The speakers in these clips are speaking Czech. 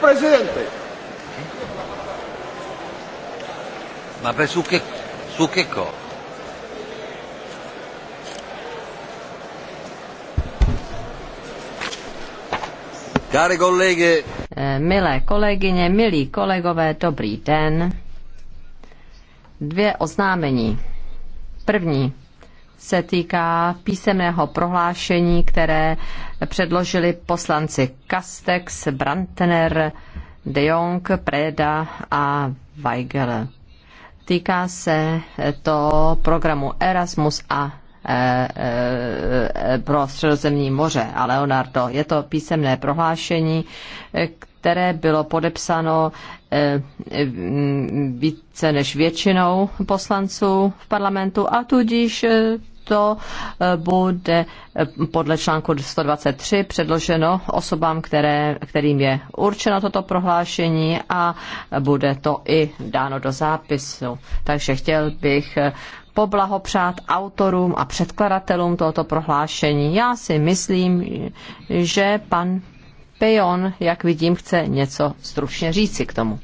presidente. Ma per su che, su che cosa? Care kolegy. Eh, milé kolegyně, milí kolegové, dobrý den. Dvě oznámení. První se týká písemného prohlášení, které předložili poslanci Castex, Brantner, De Jong, Preda a Weigel. Týká se to programu Erasmus a e, e, e, pro středozemní moře a Leonardo. Je to písemné prohlášení, které bylo podepsáno více než většinou poslanců v parlamentu a tudíž to eh, bude eh, podle článku 123 předloženo osobám, které, kterým je určeno toto prohlášení a bude to i dáno do zápisu. Takže chtěl bych eh, poblahopřát autorům a předkladatelům tohoto prohlášení. Já si myslím, že pan Pejon, jak vidím, chce něco stručně říci k tomu.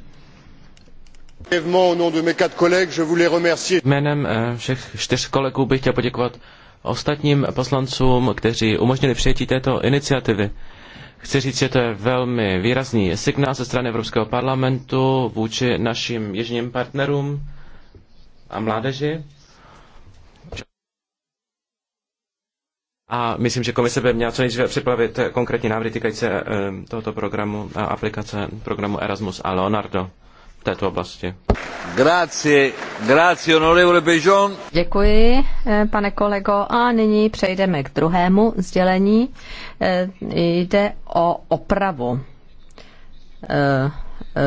Jménem všech čtyř kolegů bych chtěl poděkovat ostatním poslancům, kteří umožnili přijetí této iniciativy. Chci říct, že to je velmi výrazný signál ze strany Evropského parlamentu vůči našim jižním partnerům a mládeži. A myslím, že komise by měla co nejdříve připravit konkrétní návrhy týkající eh, tohoto programu a aplikace programu Erasmus a Leonardo této oblasti. Grazie, grazie, onorevole Pejon. Děkuji, eh, pane kolego. A nyní přejdeme k druhému sdělení. Eh, jde o opravu eh,